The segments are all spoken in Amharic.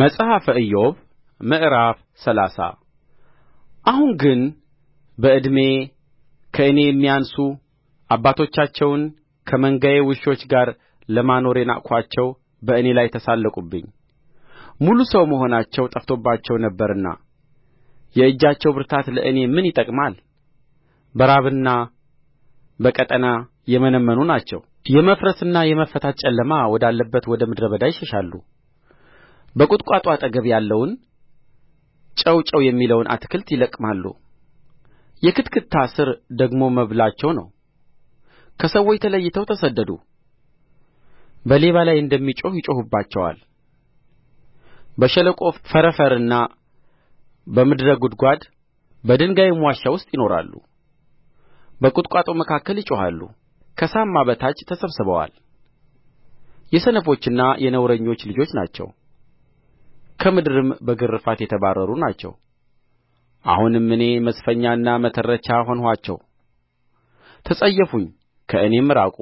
መጽሐፈ ኢዮብ ምዕራፍ ሰላሳ አሁን ግን በዕድሜ ከእኔ የሚያንሱ አባቶቻቸውን ከመንጋዬ ውሾች ጋር ለማኖር የናቅኋቸው በእኔ ላይ ተሳለቁብኝ ሙሉ ሰው መሆናቸው ጠፍቶባቸው ነበርና የእጃቸው ብርታት ለእኔ ምን ይጠቅማል በራብና በቀጠና የመነመኑ ናቸው የመፍረስና የመፈታት ጨለማ ወዳለበት ወደ ምድረ በዳ ይሸሻሉ በቍጥቋጦ አጠገብ ያለውን ጨው ጨው የሚለውን አትክልት ይለቅማሉ የክትክታ ሥር ደግሞ መብላቸው ነው ከሰዎች ተለይተው ተሰደዱ በሌባ ላይ እንደሚጮኽ ይጮኹባቸዋል በሸለቆ ፈረፈርና በምድረ ጕድጓድ በድንጋይም ዋሻ ውስጥ ይኖራሉ በቍጥቋጦ መካከል ይጮኻሉ ከሳማ በታች ተሰብስበዋል የሰነፎችና የነውረኞች ልጆች ናቸው ከምድርም በግርፋት የተባረሩ ናቸው አሁንም እኔ መስፈኛና መተረቻ ሆንኋቸው ተጸየፉኝ ከእኔም ራቁ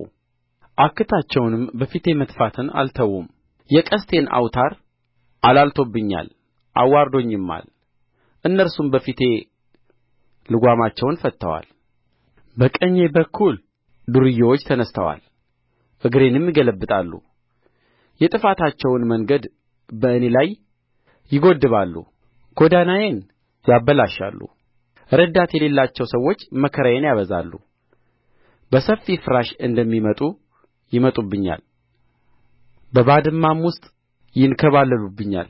አክታቸውንም በፊቴ መትፋትን አልተዉም የቀስቴን አውታር አላልቶብኛል አዋርዶኝማል እነርሱም በፊቴ ልጓማቸውን ፈትተዋል በቀኜ በኩል ዱርዬዎች ተነሥተዋል እግሬንም ይገለብጣሉ የጥፋታቸውን መንገድ በእኔ ላይ ይጐድባሉ ጐዳናዬን ያበላሻሉ ረዳት የሌላቸው ሰዎች መከራዬን ያበዛሉ በሰፊ ፍራሽ እንደሚመጡ ይመጡብኛል በባድማም ውስጥ ይንከባለሉብኛል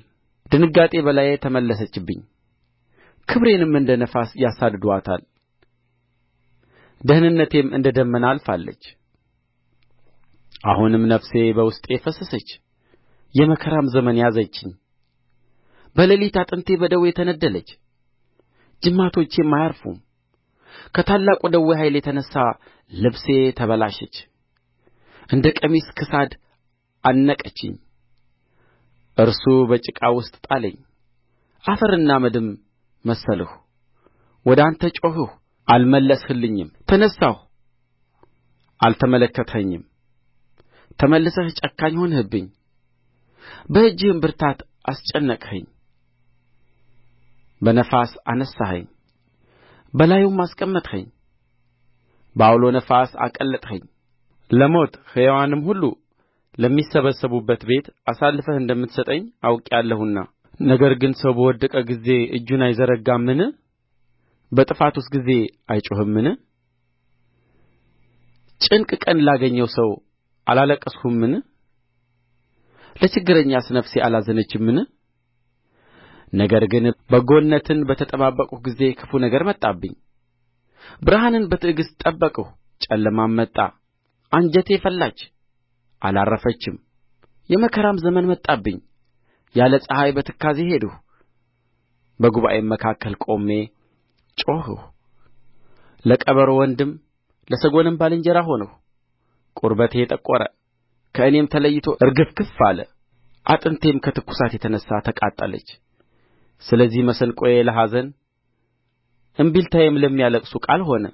ድንጋጤ በላዬ ተመለሰችብኝ ክብሬንም እንደ ነፋስ ያሳድዱአታል ደኅንነቴም እንደ ደመና አልፋለች አሁንም ነፍሴ በውስጤ ፈሰሰች የመከራም ዘመን ያዘችኝ በሌሊት አጥንቴ በደዌ ተነደለች ጅማቶቼም አያርፉም ከታላቁ ደዌ ኃይል የተነሣ ልብሴ ተበላሸች እንደ ቀሚስ ክሳድ አነቀችኝ እርሱ በጭቃ ውስጥ ጣለኝ አፈርና አመድም መሰልሁ ወደ አንተ ጮኽሁ አልመለስህልኝም ተነሣሁ አልተመለከትኸኝም ተመልሰህ ጨካኝ ሆንህብኝ በእጅህም ብርታት አስጨነቅኸኝ በነፋስ አነሣኸኝ በላዩም አስቀመጥኸኝ በዐውሎ ነፋስ አቀለጥኸኝ ለሞት ሕያዋንም ሁሉ ለሚሰበሰቡበት ቤት አሳልፈህ እንደምትሰጠኝ አውቄአለሁና ነገር ግን ሰው በወደቀ ጊዜ እጁን አይዘረጋምን በጥፋቱስ ጊዜ አይጮኽምን ጭንቅ ቀን ላገኘው ሰው አላለቀስሁምን ለችግረኛስ ነፍሴ አላዘነችምን ነገር ግን በጎነትን በተጠባበቅሁ ጊዜ ክፉ ነገር መጣብኝ ብርሃንን በትዕግሥት ጠበቅሁ ጨለማም መጣ አንጀቴ ፈላች አላረፈችም የመከራም ዘመን መጣብኝ ያለ ፀሐይ በትካዜ ሄድሁ በጉባኤም መካከል ቆሜ ጮኽሁ ለቀበሮ ወንድም ለሰጐንም ባልንጀራ ሆንሁ ቁርበቴ ጠቈረ ከእኔም ተለይቶ እርግፍግፍ አለ አጥንቴም ከትኵሳት የተነሣ ተቃጠለች ስለዚህ መሰንቆዬ ለኀዘን እምቢልታዬም ለሚያለቅሱ ቃል ሆነ